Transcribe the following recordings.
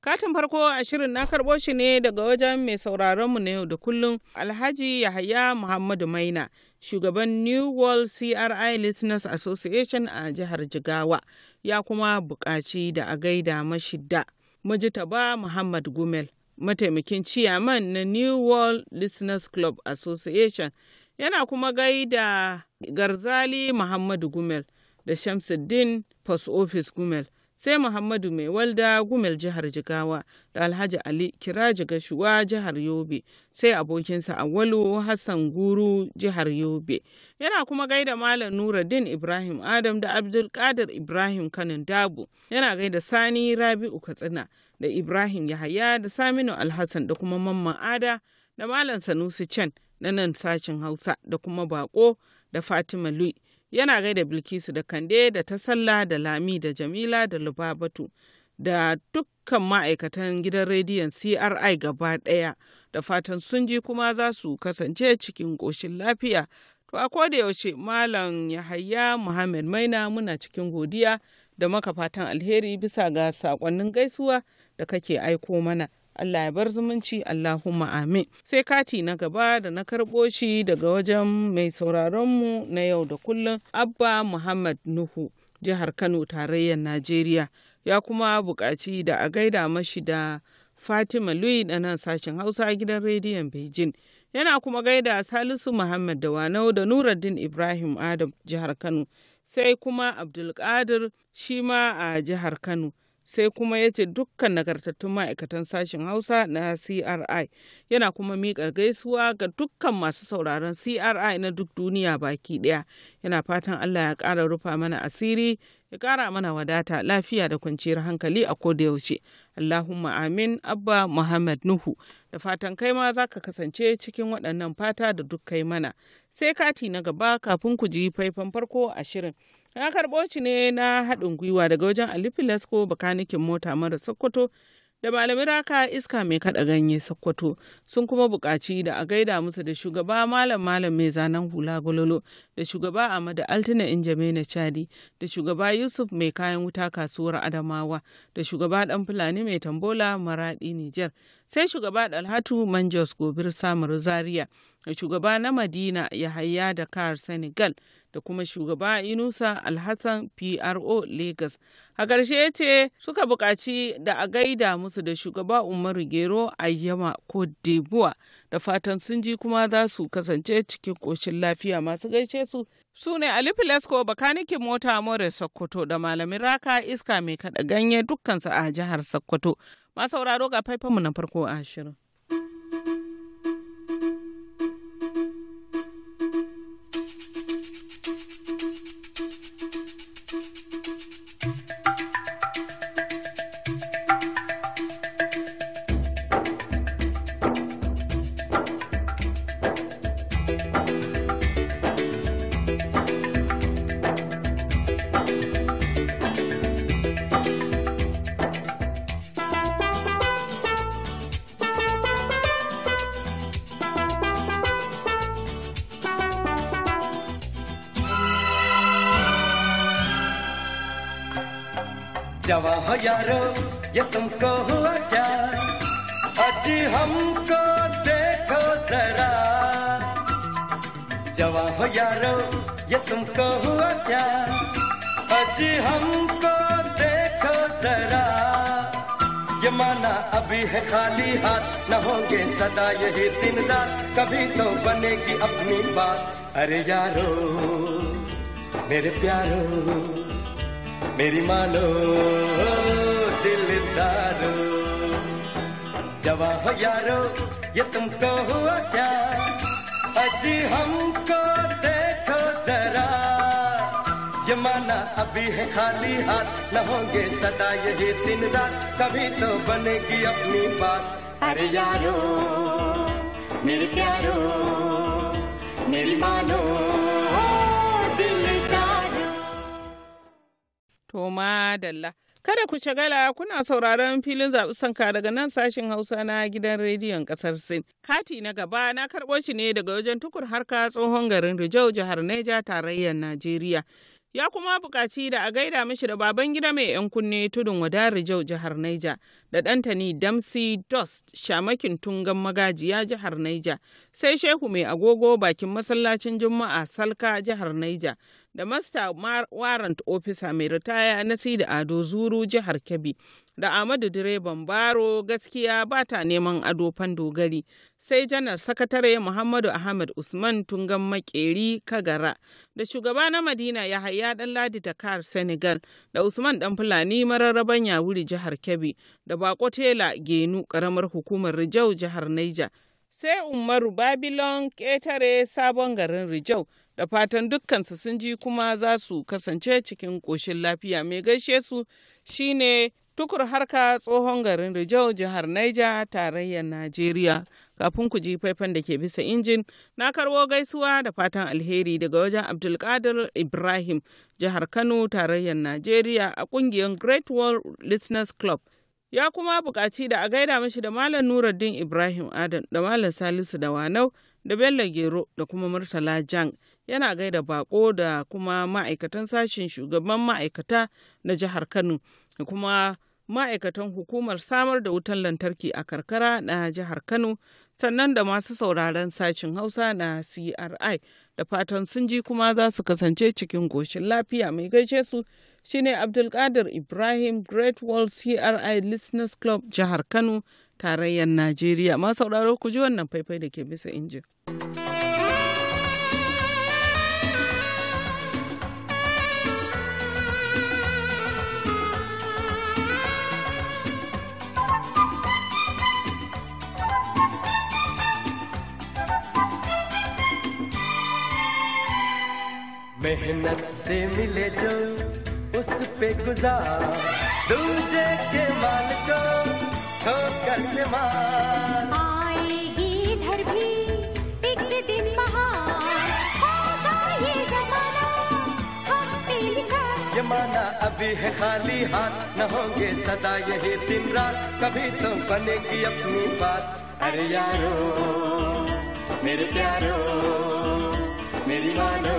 Katin farko a shirin na karɓo shi ne daga wajen mai sauraronmu na yau da kullum Alhaji Yahaya Muhammadu Maina, shugaban New World CRI Listeners Association a jihar Jigawa, ya kuma buƙaci da a gaida mashidda. ba Muhammad Gumel, mataimakin ciyaman na New World Listeners Club Association, yana kuma gaida Garzali Muhammadu Gumel da Shamsuddin Post Office Gumel. sai Muhammadu Mai Walda Gumel jihar Jigawa da Alhaji Ali Kiraji Gashuwa jihar Yobe sai abokinsa Awalu Hassan Guru jihar Yobe. Yana kuma gaida Malam Nuruddin Ibrahim Adam da Abdulkadir Ibrahim Kanin Dabu Yana gaida Sani Rabi'u Katsina da Ibrahim Yahaya da Saminu Alhassan da kuma Mamman Ada da Malam Sanusi Chan na nan sashen Hausa da kuma Bako da Fatima Lui. yana gaida bilkisu da kande da ta sallah da lami da jamila da lubabatu da dukkan ma'aikatan gidan rediyon cri gaba daya da fatan sun ji kuma za su kasance cikin ƙoshin lafiya to a koda yaushe malam yahaya muhammad maina muna cikin godiya da maka fatan alheri bisa ga sakonnin gaisuwa da kake aiko mana Allah ya bar zumunci Allahumma amin. Sai kati na gaba da na karɓo shi daga wajen mai sauraronmu na yau da kullum Abba Muhammad Nuhu jihar Kano tarayyar Najeriya ya kuma buƙaci da a gaida mashi da Fatima Lui da nan sashen Hausa gidan rediyon Beijing. Yana kuma gaida Salisu Muhammad da Wanau da Nuruddin Ibrahim Adam jihar Kano sai kuma Abdulkadir shi ma a jihar Kano. sai kuma ya ce dukkan nagartattun ma'aikatan sashen hausa na cri yana kuma miƙa gaisuwa ga dukkan masu sauraron cri na duk duniya baki ɗaya yana fatan allah ya ƙara rufa mana asiri ya ƙara mana wadata lafiya da kwanciyar hankali a ko da yaushe allahumma amin abba muhammad nuhu da fatan kai ma za ka kasance cikin waɗannan fata da duk kai mana sai kati na gaba kafin ku ji faifan farko a shirin Na karɓo shi ne na haɗin gwiwa daga wajen Ali Filasko bakanikin mota mara Sokoto da malamin raka iska mai kaɗa ganye Sokoto sun kuma buƙaci da a gaida musu da shugaba malam malam mai zanen hula gololo da shugaba Ahmadu Altina Injame na Chadi da shugaba Yusuf mai kayan wuta kasuwar Adamawa da shugaba ɗan Fulani mai tambola Maraɗi Nijar sai shugaba dalhatu manjos gobir samar zaria da shugaba na madina haya da kar senegal da kuma shugaba inusa alhassan pro lagos a ƙarshe ya ce suka buƙaci da a gaida musu da shugaba umaru gero a yama ko debuwa da fatan sun ji kuma za su kasance cikin ƙoshin lafiya masu gaishe su su ne ali filasco bakanikin mota more sokoto da malamin raka iska mai kaɗa ganye dukkansu a jihar sokoto Masauraro ga faifanmu na farko a shirin. जवा हो यारो ये तुमको हुआ क्या अजी हमको देखो जरा जवा हो यारो ये तुमको हुआ क्या अजी हमको देखो जरा ये माना अभी है खाली हाथ न होंगे सदा यही दिन रात कभी तो बनेगी अपनी बात अरे यारो मेरे प्यारो मेरी मानो दिलदारो जवाब हो यारो ये तुमको हुआ क्या अजी हमको देखो जरा ये माना अभी है खाली हाथ न होंगे सदा यही दिन रात कभी तो बनेगी अपनी बात अरे यारो मेरे प्यारो मेरी मानो To madalla. Kada ku shagala kuna sauraron filin zaɓi sanka daga nan sashin Hausa na gidan rediyon ƙasar Sin. Kati na gaba na karɓo shi ne daga wajen tukur harka tsohon garin Rijau jihar Neja tarayyar Najeriya. Ya kuma buƙaci da a gaida mishi da baban gida mai 'yan kunne tudun wada Rijau jihar Neja da ɗantani Damsi Dost shamakin tungan magajiya jihar Neja sai Shehu mai agogo bakin masallacin Juma'a Salka jihar Neja. da Masta Warrant Officer mai ritaya na Sidi Ado Zuru jihar Kebbi da Ahmadu Direban Baro gaskiya ba ta neman ado dogari sai janar sakatare Muhammadu Ahmad Usman Tungan Makeri Kagara da shugaba na Madina Yahaya Danladi Dakar Senegal da Usman Dan Fulani mararraban wuri jihar Kebbi da Bako Tela Genu karamar hukumar Rijau jihar Niger sai Umaru Babilon ƙetare sabon garin Rijau da fatan dukkansu sun ji kuma za su kasance cikin ƙoshin lafiya mai gaishe su shine tukur harka tsohon garin rijau jihar naija tarayyar najeriya kafin ku ji faifan da ke bisa injin na karwo gaisuwa da fatan alheri daga wajen abdulkadir ibrahim jihar kano tarayyar najeriya a kungiyar great world listeners club ya kuma buƙaci da a gaida mashi da malam nuruddin ibrahim adam da malam salisu da wanau da Bello Gero da kuma Murtala Jang yana gaida bako da kuma ma'aikatan sashen shugaban ma'aikata na jihar Kano da kuma ma'aikatan hukumar samar da wutan lantarki a karkara na jihar Kano sannan da masu sauraron sashen Hausa na CRI da fatan sun ji kuma za su kasance cikin goshin lafiya mai gaishe su shine Abdulkadir Ibrahim Great World CRI Listeners Club jihar Kano tarayyar Najeriya. Ma sauraro ku ji wannan faifai da ke bisa injin. मेहनत से मिले जो उस पे गुजार दूसरे के माल को छोड़कर आएगी धर भी एक दिन जमाना जमाना अभी है खाली हाथ न होंगे सदा यही दिन रात कभी तो बनेगी अपनी बात अरे यारो मेरे प्यारो मेरी मानो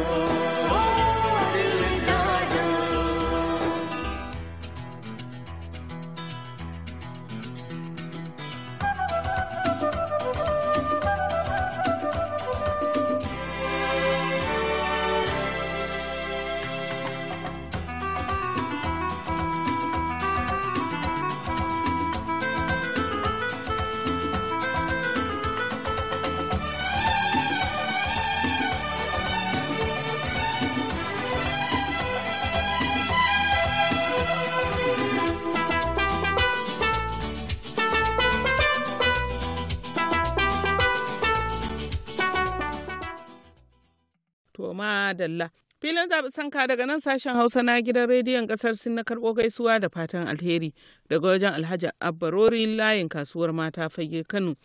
madalla. Filin zaɓi sanka daga nan sashen Hausa na gidan rediyon ƙasar Sin na karɓo gaisuwa da fatan alheri daga wajen Alhaji Abbarori layin kasuwar mata fage Kano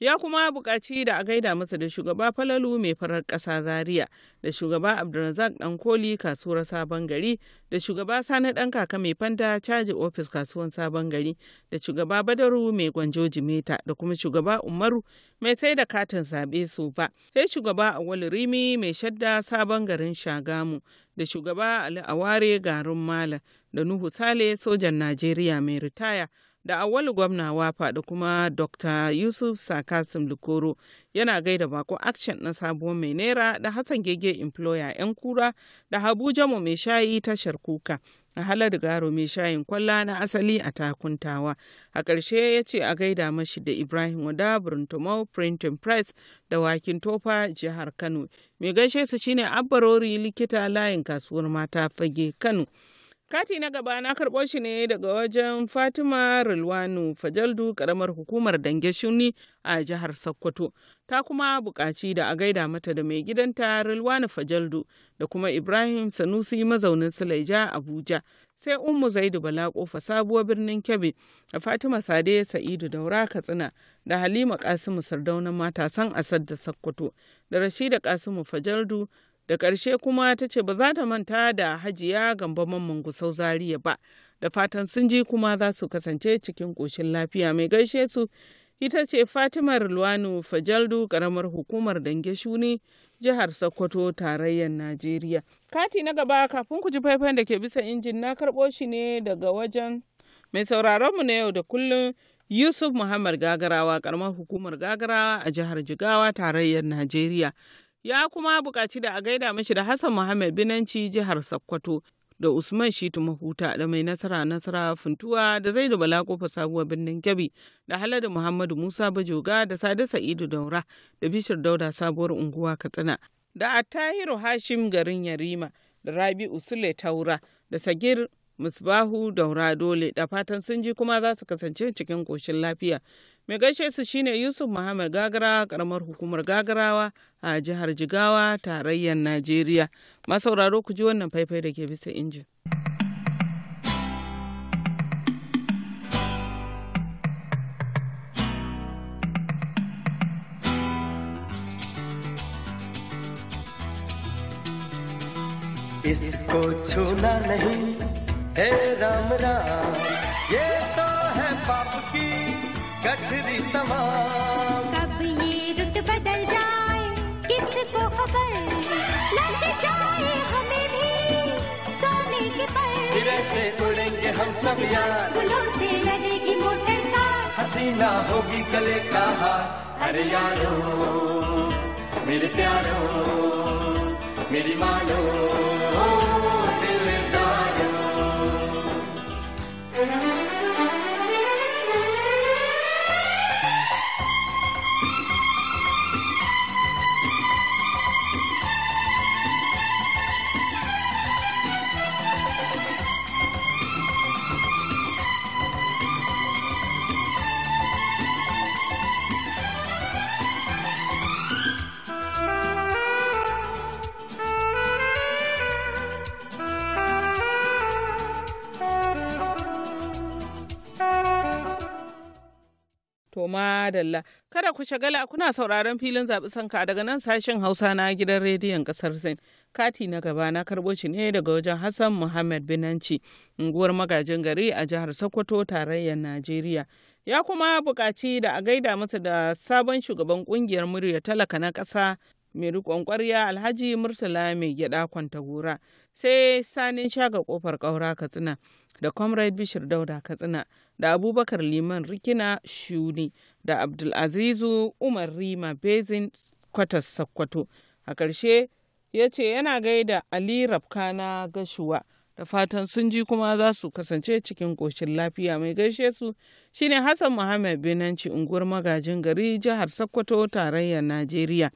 ya kuma buƙaci da a gaida masa da shugaba falalu mai farar ƙasa zaria da shugaba abdulrazak koli kasuwar sabon gari da shugaba sani ɗan kaka mai fanta caji ofis kasuwar sabon gari da shugaba badaru mai gwanjo jimeta da kuma shugaba umaru mai sai da katin zaɓe su ba sai shugaba awal rimi mai shadda sabon garin shagamu da shugaba ali aware garin malam da nuhu sale sojan najeriya mai ritaya da awwalu gwamna wafa da kuma dr yusuf sakasim lukoro yana gaida bako action na sabuwar mai naira da hassan gege employer yan kura da habu jamo mai shayi tashar kuka a halar garo mai shayin kwalla na asali a takuntawa a ƙarshe ya ce a gaida mashi da ibrahim wada burntomo printing press da wakin tofa jihar kano mai gaishe su shine abbarori likita layin kasuwar mata fage kano Kati na gaba na karɓo shi ne daga wajen Fatima Rilwanu Fajaldu karamar hukumar Dange Shuni a jihar Sokoto. Ta kuma buƙaci da a gaida mata da mai gidanta Rilwanu Fajaldu da kuma Ibrahim Sanusi mazaunin Sulaija Abuja. Sai Umu Zaidu Bala kofa sabuwar birnin Kebbi da Fatima Sade Sa'idu Daura Katsina da Halima Kasimu Sardaunan matasan Asad da Sokoto da Rashida Kasimu Fajaldu da ƙarshe kuma ta ce ba za ta manta da hajiya gamba mamman gusau zariya ba da fatan sun ji kuma za su kasance cikin ƙoshin lafiya mai gaishe su ita ce fatimar luwanu fajaldu ƙaramar hukumar dange shuni jihar sokoto tarayyar najeriya kati na gaba kafin ku ji faifan da ke bisa injin na karɓo shi ne daga wajen mai sauraronmu na yau da kullum Yusuf Muhammad Gagarawa ƙaramar hukumar Gagarawa a jihar Jigawa tarayyar Najeriya ya kuma buƙaci da a gaida mashi da Hassan Muhammad Binanci jihar Sokoto da Usman Shitu Mahuta da mai nasara nasara funtuwa da Zaidu Bala kofa sabuwar birnin Kebbi da Haladu Muhammadu Musa Bajoga da Sade Sa'idu Daura da Bishir Dauda sabuwar unguwa Katsina da Attahiru Hashim garin Yarima da Rabi'u Sule Taura da Sagir Musbahu Daura Dole da fatan sun ji kuma za su kasance cikin koshin lafiya. Mai gaishe su shine Yusuf Muhammad Gagarawa karamar hukumar Gagarawa a jihar Jigawa tarayyar Najeriya. Masauraro ku ji wannan faifai da ke bisa injin. इसको छूना नहीं हे राम राम ये तो है पाप की कठरी तमाम कब ये रुत बदल जाए किसको खबर लग जाए हमें भी सोने के पर से उड़ेंगे हम सब यार गुलों से मोटर हसीना होगी गले का हार अरे यारो मेरे प्यारो मेरी मानो दिलदार Thank you. madalla. Kada ku shagala kuna sauraron filin zaɓi sanka daga nan sashen Hausa na gidan rediyon ƙasar sin Kati na gaba na karɓo shi ne daga wajen Hassan Muhammad Binanci, unguwar magajin gari a jihar Sokoto tarayyar Najeriya. Ya kuma buƙaci da a gaida masa da sabon shugaban ƙungiyar murya talaka na ƙasa mai rikon ƙwarya alhaji murtala mai gyada kwanta gora sai sanin shaga kofar kaura katsina da comrade bishir dauda katsina da abubakar liman rikina shuni da abdulazizu umar rima bezin kwatas sakkwato a ƙarshe ya ce yana gaida ali rafkana gashuwa da fatan sun ji kuma za su kasance cikin ƙoshin lafiya mai gaishe su shine hassan muhammad binanci unguwar magajin gari jihar sokoto tarayyar najeriya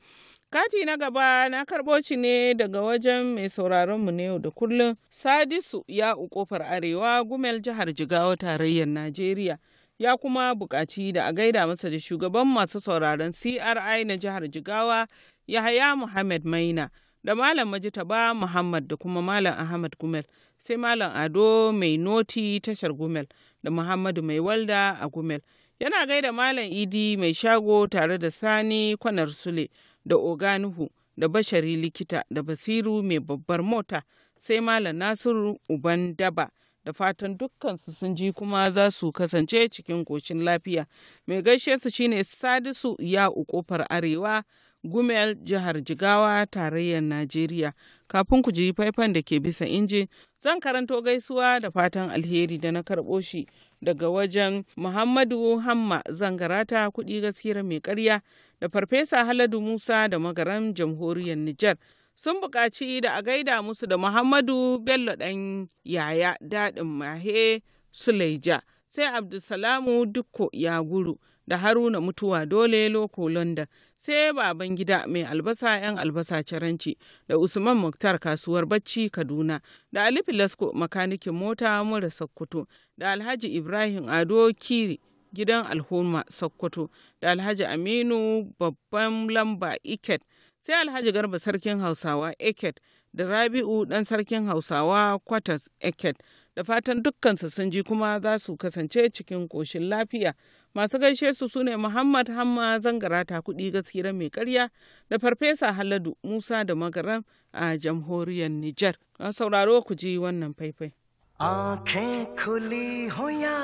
Kati na gaba na karɓo shi ne daga wajen mai sauraron mu na yau da kullum Sadisu ya ƙofar Arewa Gumel jihar Jigawa tarayyar Najeriya. Ya kuma buƙaci da a gaida masa da shugaban masu sauraron CRI na jihar Jigawa Yahaya Muhammad Maina da Malam Majitaba Muhammad da kuma Malam Ahmad Gumel sai Malam Ado Mai Noti tashar Gumel da Muhammadu Mai Walda a Gumel. Yana gaida Malam Idi Mai Shago tare da Sani Kwanar Sule. da oganuhu da bashari likita da basiru mai babbar mota sai malam nasiru uban daba da fatan dukkan su sun ji kuma za su kasance cikin ƙoshin lafiya mai gaishe su shine sadisu ya ƙofar arewa gumel jihar jigawa tarayyar najeriya kafin ku ji faifan da ke bisa injin zan karanto gaisuwa da fatan alheri da na karɓo shi daga wajen muhammadu hamma zangarata kuɗi gaskiyar mai karya da farfesa haladu musa da magaran jamhuriyar nijar sun buƙaci da a gaida musu da muhammadu bello ɗan yaya daɗin mahe sulaija sai abdulsalamu dukko ya guru da haruna mutuwa dole loko london sai baban gida mai albasa 'yan albasa caranci da usman muktar kasuwar bacci kaduna da ali lasko makanikin mota mura sokoto da alhaji ibrahim ado kiri gidan alhoma sokoto da alhaji aminu babban lamba iket sai alhaji garba sarkin hausawa eket da rabi'u dan sarkin hausawa kwatas eket da fatan dukkansu sun ji kuma za su kasance cikin koshin lafiya masu gaishe su sune muhammad hamma zangara kuɗi gaskira mai karya da farfesa haladu musa da magaran a jamhuriyar niger sauraro ku ji wannan faifai आंखें खुली हो या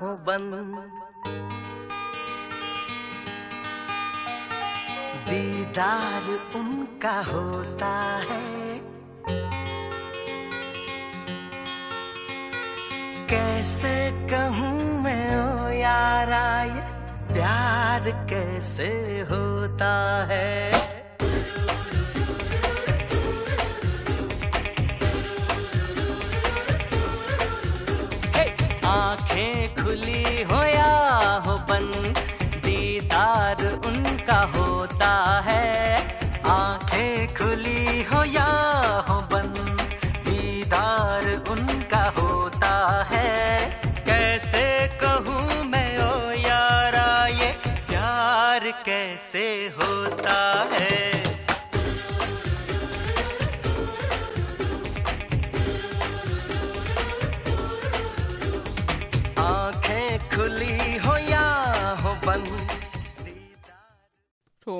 हो बंद दीदार उनका होता है कैसे कहूँ मैं ओ यार आए प्यार कैसे होता है आंखें खुली हो या हो बंद दीदार उनका होता है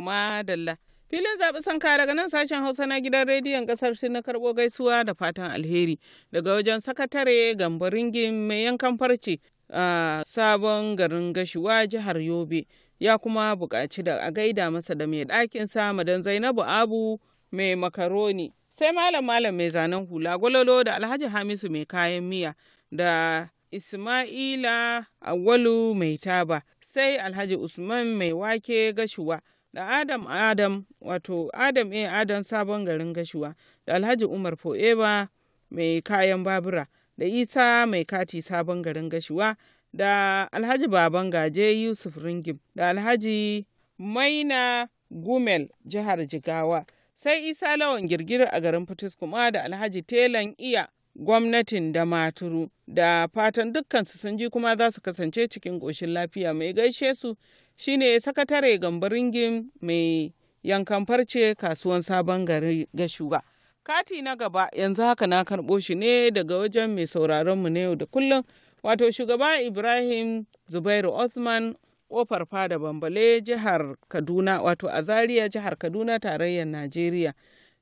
To madalla. Filin zaɓi sanka daga nan sashen Hausa na gidan rediyon ƙasar sun na karɓo gaisuwa da fatan alheri daga wajen sakatare gambaringin mai yankan farce a sabon garin gashiwa, jihar Yobe. Ya kuma buƙaci da a gaida masa da mai ɗakin sa madan Zainabu Abu mai makaroni. Sai malam malam mai zanen hula gwalolo da Alhaji Hamisu mai kayan miya da Ismaila Awalu mai taba sai Alhaji Usman mai wake gashuwa. da adam adam wato adam e adam sabon garin gashuwa da alhaji umar fo'eba mai kayan babura da isa mai kati sabon garin gashuwa da alhaji baban gaje yusuf ringim da alhaji maina gumel jihar jigawa sai isa lawan girgir a garin kuma da alhaji telan iya gwamnatin da maturu da fatan dukkansu sun ji kuma za su kasance cikin ƙoshin lafiya mai gaishe su shine sakatare gambaringin mai yankan farce kasuwan sabon gari ga Shuga. kati na gaba yanzu haka na karɓo shi ne daga wajen mai sauraron mu na yau da kullum wato shugaba ibrahim zubairu othman kofar fada bambale jihar kaduna wato a zaria jihar kaduna tarayyar najeriya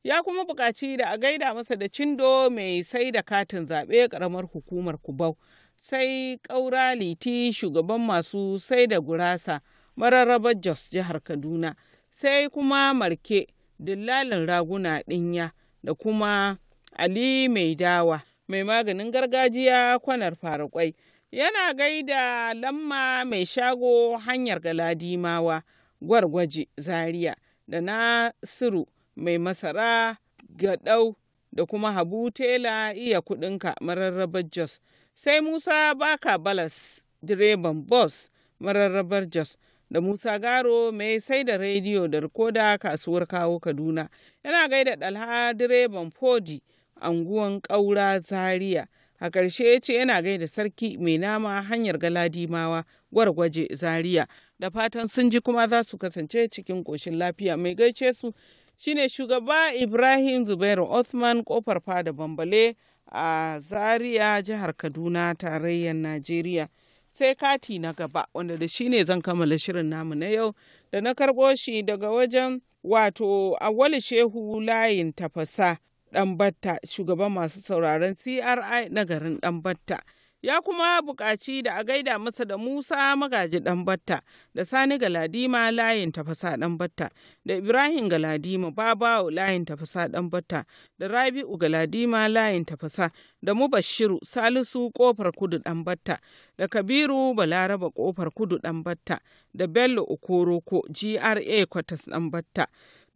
ya kuma buƙaci da a gaida masa da cindo mai sai da katin zaɓe ƙaramar hukumar kubau sai ƙaura liti shugaban masu sai da gurasa mararrabar jos jihar kaduna sai kuma marke dillalin raguna ɗinya da kuma ali mai dawa mai maganin gargajiya kwanar farakwai yana gaida lamma mai shago hanyar galadimawa gwargwaje zaria da nasiru mai masara gaɗau da kuma habu tela iya kuɗinka mararrabar jos sai musa baka balas direban bus mararrabar jos da musa garo mai sai da rediyo da rikoda kasuwar kawo kaduna yana gaida ɗalha direban fodi anguwan ƙaura zaria a ƙarshe ya ce yana gaida sarki mai nama hanyar galadimawa gwargwaje zaria da fatan sun ji kuma za su kasance cikin ƙoshin lafiya mai gaishe su shine shugaba ibrahim zubairu othman kofar fada bambale a zaria jihar kaduna tarayyar najeriya sai kati na gaba wanda da shi ne zan kammala shirin namu na yau da na karɓo shi daga wajen wato awali shehu layin tafasa ɗanbatta shugaban masu sauraron cri na garin ɗanbatta ya kuma buƙaci da a gaida masa da Musa magaji batta da Sani Galadima layin tafasa ɗan batta da Ibrahim Galadima Babawo layin tafasa ɗan batta da Rabi'u Galadima layin tafasa da Mubashiru Salisu ƙofar kudu ɗan batta da Kabiru Balaraba ƙofar kudu ɗan batta da Bello Okoroko GRA Kwatas ɗan batta.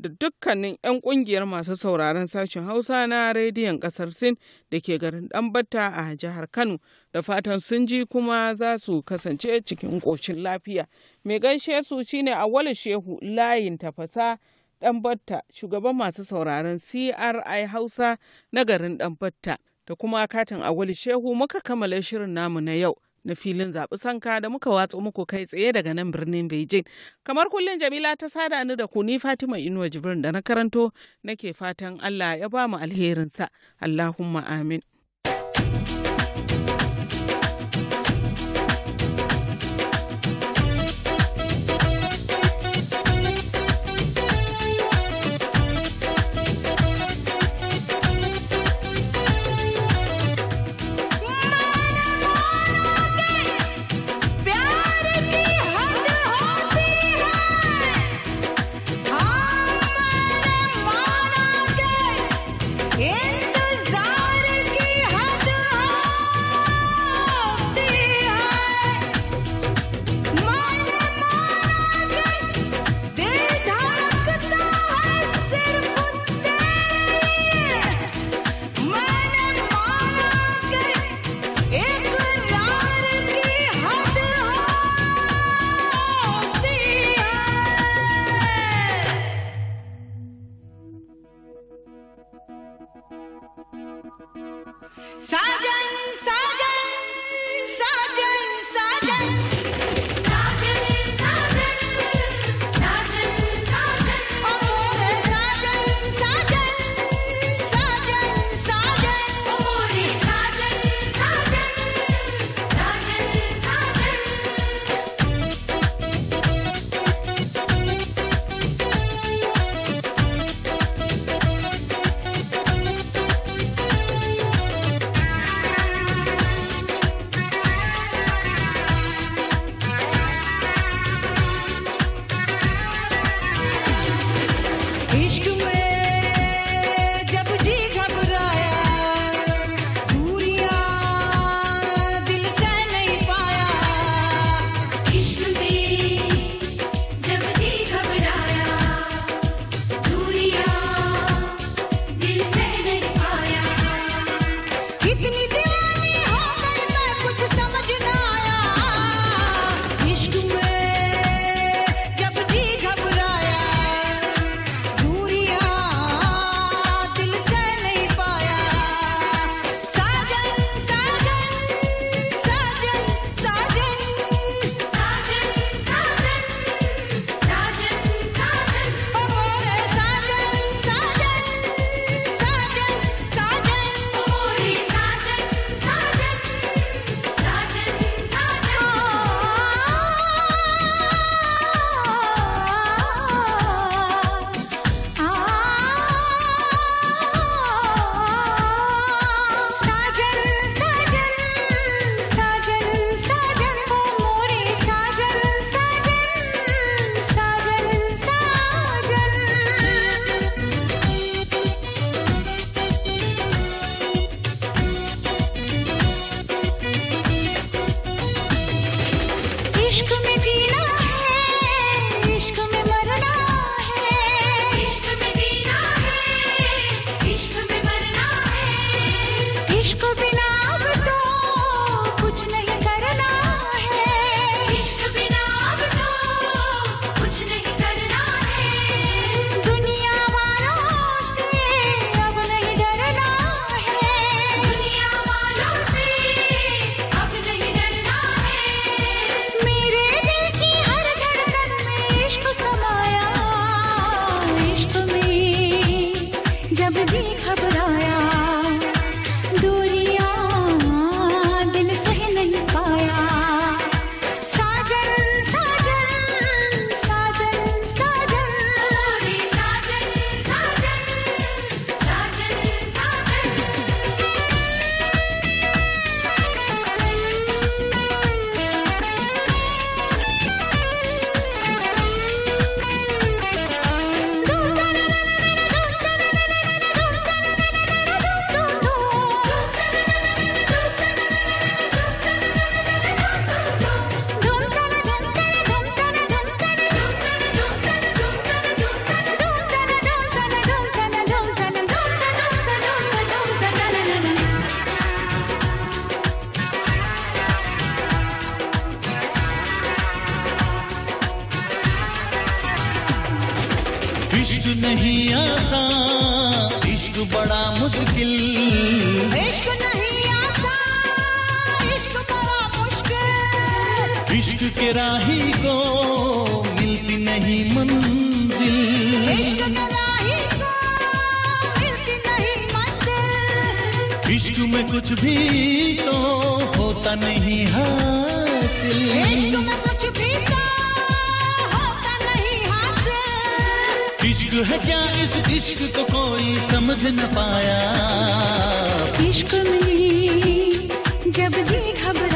da dukkanin 'yan kungiyar masu sauraron sashen Hausa na rediyon kasar Sin da ke garin Ɗanbata a jihar Kano da fatan sun ji kuma za su kasance cikin ƙoshin lafiya. Mai gaishe su shine Awali Shehu layin tafasa Ɗanbata shugaban masu sauraron CRI Hausa na garin Ɗanbata da kuma katin Awali Shehu muka kammala shirin namu na yau. na filin zaɓi sanka da muka watsa muku kai tsaye daga nan birnin Beijing. Kamar kullum Jamila ta sada ni da ku ni Fatima Inuwa Jibrin da na karanto nake fatan Allah ya ba mu alherinsa. Allahumma amin. gonna comigo. के राही को मिलती नहीं मंजिल इश्क में कुछ भी तो होता नहीं हासिल इश्क में कुछ भी तो होता नहीं हासिल इश्क है क्या इस इश्क को कोई समझ न पाया इश्क में जब भी खबर